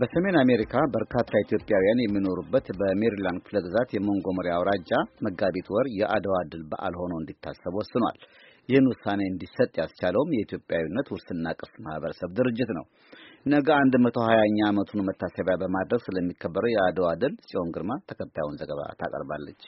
በሰሜን አሜሪካ በርካታ ኢትዮጵያውያን የሚኖሩበት በሜሪላንድ ክፍለ ግዛት የሞንጎመሪ አውራጃ መጋቢት ወር የአድዋ ድል በዓል ሆኖ እንዲታሰብ ወስኗል። ይህን ውሳኔ እንዲሰጥ ያስቻለውም የኢትዮጵያዊነት ውርስና ቅርስ ማህበረሰብ ድርጅት ነው። ነገ አንድ መቶ ሀያኛ ዓመቱን መታሰቢያ በማድረግ ስለሚከበረው የአድዋ ድል ጽዮን ግርማ ተከታዩን ዘገባ ታቀርባለች።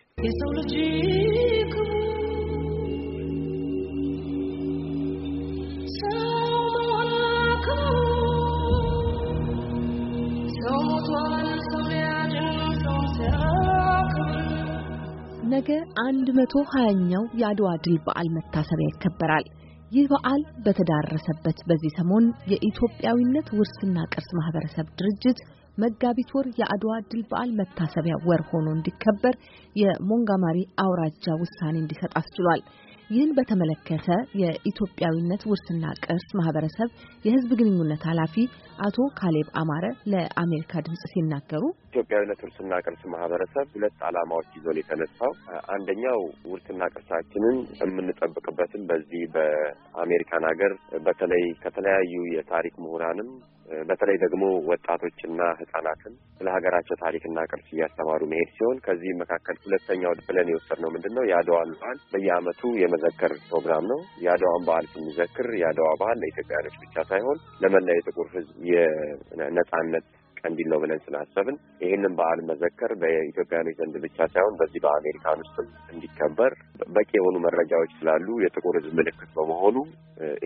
ነገ 120ኛው ሀያኛው የአድዋ ድል በዓል መታሰቢያ ይከበራል። ይህ በዓል በተዳረሰበት በዚህ ሰሞን የኢትዮጵያዊነት ውርስና ቅርስ ማህበረሰብ ድርጅት መጋቢት ወር የአድዋ ድል በዓል መታሰቢያ ወር ሆኖ እንዲከበር የሞንጋማሪ አውራጃ ውሳኔ እንዲሰጥ አስችሏል። ይህን በተመለከተ የኢትዮጵያዊነት ውርስና ቅርስ ማህበረሰብ የህዝብ ግንኙነት ኃላፊ አቶ ካሌብ አማረ ለአሜሪካ ድምጽ ሲናገሩ ኢትዮጵያዊነት ውርስና ቅርስ ማህበረሰብ ሁለት ዓላማዎች ይዞን የተነሳው አንደኛው ውርስና ቅርሳችንን የምንጠብቅበትን በዚህ በአሜሪካን ሀገር በተለይ ከተለያዩ የታሪክ ምሁራንም በተለይ ደግሞ ወጣቶችና ህጻናትን ስለ ሀገራቸው ታሪክና ቅርስ እያስተማሩ መሄድ ሲሆን ከዚህም መካከል ሁለተኛው ብለን የወሰድነው ምንድን ነው የአድዋን በዓል በየአመቱ የመዘከር ፕሮግራም ነው። የአድዋን በዓል ስንዘክር የአድዋ በዓል ለኢትዮጵያውያኖች ብቻ ሳይሆን ለመላ የጥቁር ህዝብ የነጻነት ቀንዲል ነው ብለን ስላሰብን ይህንን በዓል መዘከር በኢትዮጵያኖች ዘንድ ብቻ ሳይሆን በዚህ በአሜሪካን ውስጥ እንዲከበር በቂ የሆኑ መረጃዎች ስላሉ የጥቁር ሕዝብ ምልክት በመሆኑ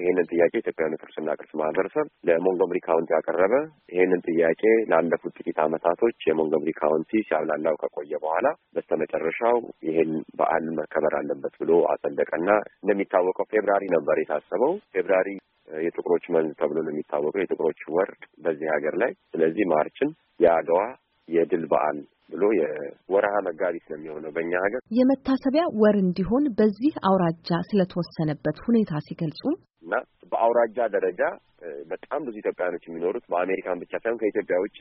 ይህንን ጥያቄ ኢትዮጵያውያን ቅርስና ቅርስ ማህበረሰብ ለሞንጎምሪ ካውንቲ ያቀረበ ይህንን ጥያቄ ላለፉት ጥቂት ዓመታቶች የሞንጎምሪ ካውንቲ ሲያብላላው ከቆየ በኋላ በስተመጨረሻው ይህን በዓል መከበር አለበት ብሎ አጸደቀና እንደሚታወቀው ፌብራሪ ነበር የታሰበው ፌብራሪ የጥቁሮች መንዝ ተብሎ የሚታወቀው የጥቁሮች ወር በዚህ ሀገር ላይ ስለዚህ ማርችን የአድዋ የድል በዓል ብሎ የወረሃ መጋቢት ነው የሚሆነው በእኛ ሀገር የመታሰቢያ ወር እንዲሆን በዚህ አውራጃ ስለተወሰነበት ሁኔታ ሲገልጹም እና በአውራጃ ደረጃ በጣም ብዙ ኢትዮጵያውያኖች የሚኖሩት በአሜሪካን ብቻ ሳይሆን ከኢትዮጵያ ውጭ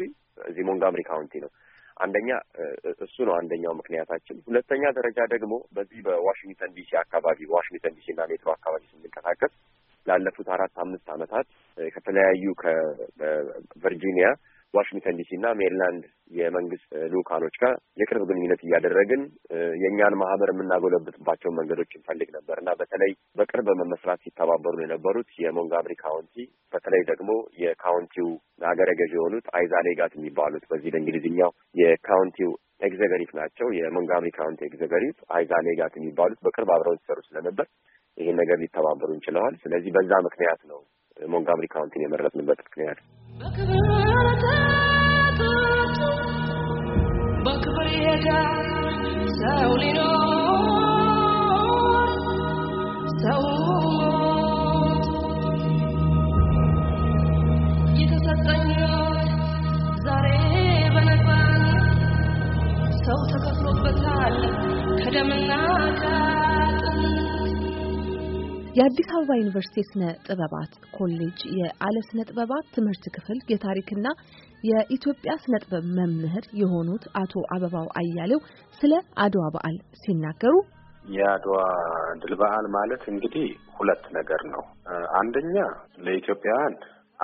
እዚህ ሞንጋምሪ ካውንቲ ነው። አንደኛ እሱ ነው አንደኛው ምክንያታችን። ሁለተኛ ደረጃ ደግሞ በዚህ በዋሽንግተን ዲሲ አካባቢ ዋሽንግተን ዲሲ እና ሜትሮ አካባቢ ስንንቀሳቀስ ላለፉት አራት አምስት ዓመታት ከተለያዩ ከቨርጂኒያ ዋሽንግተን ዲሲ እና ሜሪላንድ የመንግስት ልኡካኖች ጋር የቅርብ ግንኙነት እያደረግን የእኛን ማህበር የምናጎለብትባቸውን መንገዶች እንፈልግ ነበር እና በተለይ በቅርብ መመስራት ሲተባበሩ የነበሩት የሞንጋብሪ ካውንቲ በተለይ ደግሞ የካውንቲው አገረ ገዥ የሆኑት አይዛ ሌጋት የሚባሉት በዚህ በእንግሊዝኛው የካውንቲው ኤግዘገሪፍ ናቸው። የሞንጋብሪ ካውንቲ ኤግዘገሪፍ አይዛ ሌጋት የሚባሉት በቅርብ አብረውን ሲሰሩ ስለነበር ይሄን ነገር ሊተባበሩ እንችለዋል። ስለዚህ በዛ ምክንያት ነው ሞንጋምሪ ካውንቲን የመረጥንበት ምክንያት በክብር ሰው ሊኖር ሰው ዛሬ ሰው ተከፍሎበታል ከደምና የአዲስ አበባ ዩኒቨርሲቲ ስነ ጥበባት ኮሌጅ የአለ ስነ ጥበባት ትምህርት ክፍል የታሪክና የኢትዮጵያ ስነ ጥበብ መምህር የሆኑት አቶ አበባው አያሌው ስለ አድዋ በዓል ሲናገሩ የአድዋ ድል በዓል ማለት እንግዲህ ሁለት ነገር ነው። አንደኛ ለኢትዮጵያውያን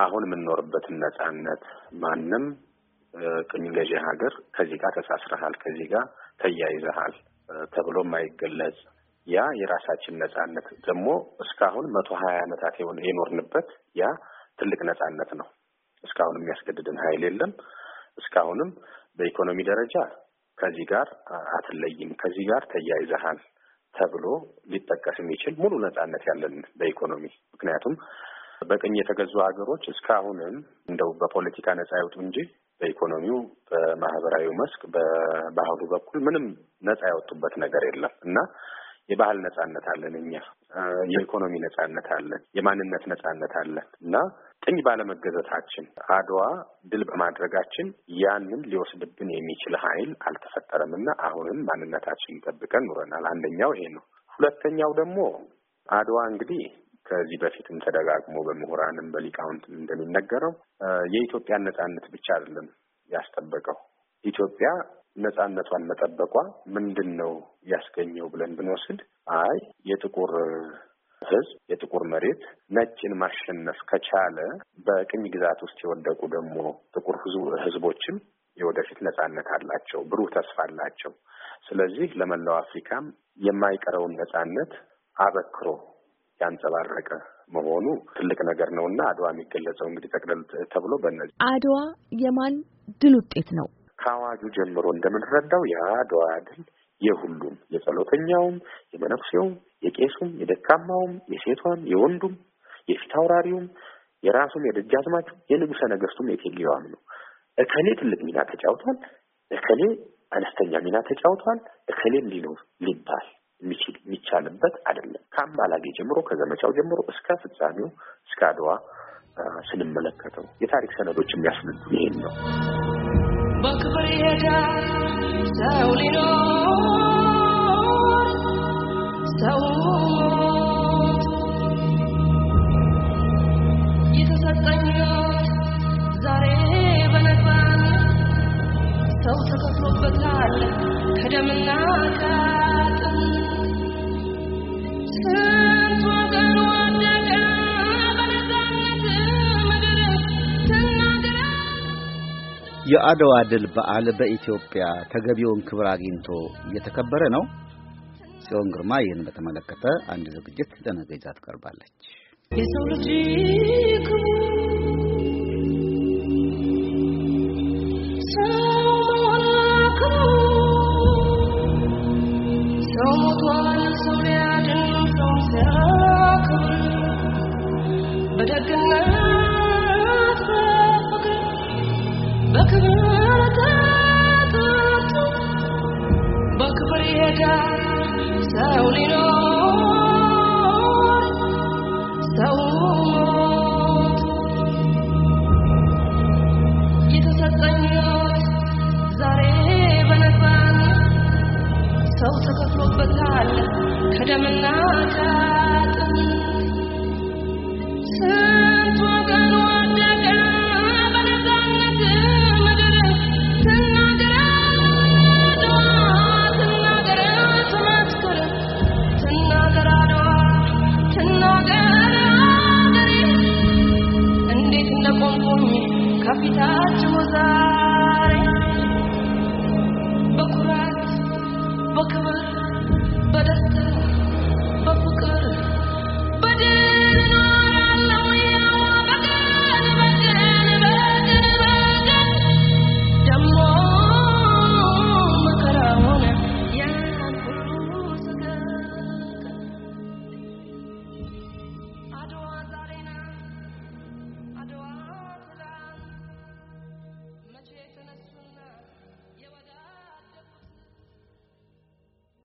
አሁን የምንኖርበትን ነጻነት ማንም ቅኝ ገዢ ሀገር ከዚህ ጋር ተሳስረሃል፣ ከዚህ ጋር ተያይዘሃል ተብሎ የማይገለጽ ያ የራሳችን ነጻነት ደግሞ እስካሁን መቶ ሀያ የሆነ የኖርንበት ያ ትልቅ ነጻነት ነው። እስካሁን የሚያስገድድን ኃይል የለም። እስካሁንም በኢኮኖሚ ደረጃ ከዚህ ጋር አትለይም፣ ከዚህ ጋር ተያይዘሃል ተብሎ ሊጠቀስ የሚችል ሙሉ ነጻነት ያለን በኢኮኖሚ ምክንያቱም በቅኝ የተገዙ ሀገሮች እስካሁንም እንደው በፖለቲካ ነጻ ያውጡ እንጂ በኢኮኖሚው በማህበራዊ መስክ በባህሉ በኩል ምንም ነጻ ያወጡበት ነገር የለም እና የባህል ነጻነት አለን፣ እኛ የኢኮኖሚ ነጻነት አለን፣ የማንነት ነጻነት አለን እና ጥኝ ባለመገዘታችን አድዋ ድል በማድረጋችን ያንን ሊወስድብን የሚችል ኃይል አልተፈጠረም እና አሁንም ማንነታችን ጠብቀን ኑረናል። አንደኛው ይሄ ነው። ሁለተኛው ደግሞ አድዋ እንግዲህ ከዚህ በፊትም ተደጋግሞ በምሁራንም በሊቃውንትም እንደሚነገረው የኢትዮጵያን ነጻነት ብቻ አይደለም ያስጠበቀው ኢትዮጵያ ነጻነቷን መጠበቋ ምንድን ነው ያስገኘው ብለን ብንወስድ፣ አይ የጥቁር ህዝብ የጥቁር መሬት ነጭን ማሸነፍ ከቻለ በቅኝ ግዛት ውስጥ የወደቁ ደግሞ ጥቁር ህዝቦችም የወደፊት ነጻነት አላቸው፣ ብሩህ ተስፋ አላቸው። ስለዚህ ለመላው አፍሪካም የማይቀረውን ነጻነት አበክሮ ያንጸባረቀ መሆኑ ትልቅ ነገር ነው እና አድዋ የሚገለጸው እንግዲህ ጠቅለል ተብሎ በእነዚህ አድዋ የማን ድል ውጤት ነው? ከአዋጁ ጀምሮ እንደምንረዳው የአድዋ ድል የሁሉም የጸሎተኛውም፣ የመነኩሴውም፣ የቄሱም፣ የደካማውም፣ የሴቷም፣ የወንዱም፣ የፊት አውራሪውም፣ የራሱም፣ የደጃዝማቹም፣ የንጉሰ ነገስቱም የእቴጌዋም ነው። እከሌ ትልቅ ሚና ተጫውቷል፣ እከሌ አነስተኛ ሚና ተጫውቷል፣ እከሌ እንዲህ ሊባል የሚችል የሚቻልበት አይደለም። ከአማላጌ ጀምሮ ከዘመቻው ጀምሮ እስከ ፍጻሜው እስከ አድዋ ስንመለከተው የታሪክ ሰነዶች የሚያስነዱ ይሄን ነው። በክብር ይሄዳል ሰው ሊኖር ሰው የተሰጠኝ ዛሬ ሰው ተከፍሎበታል ከደምና ቃል የአድዋ ድል በዓል በኢትዮጵያ ተገቢውን ክብር አግኝቶ እየተከበረ ነው። ጽዮን ግርማ ይህን በተመለከተ አንድ ዝግጅት ለነገ ይዛ ትቀርባለች። ሊረዳ ሰው ሊኖር ሰው ሞት የተሰጠኝ ሞት ዛሬ በነፃን ሰው ተከፍሎበታል ከደምና ከአጥንት but I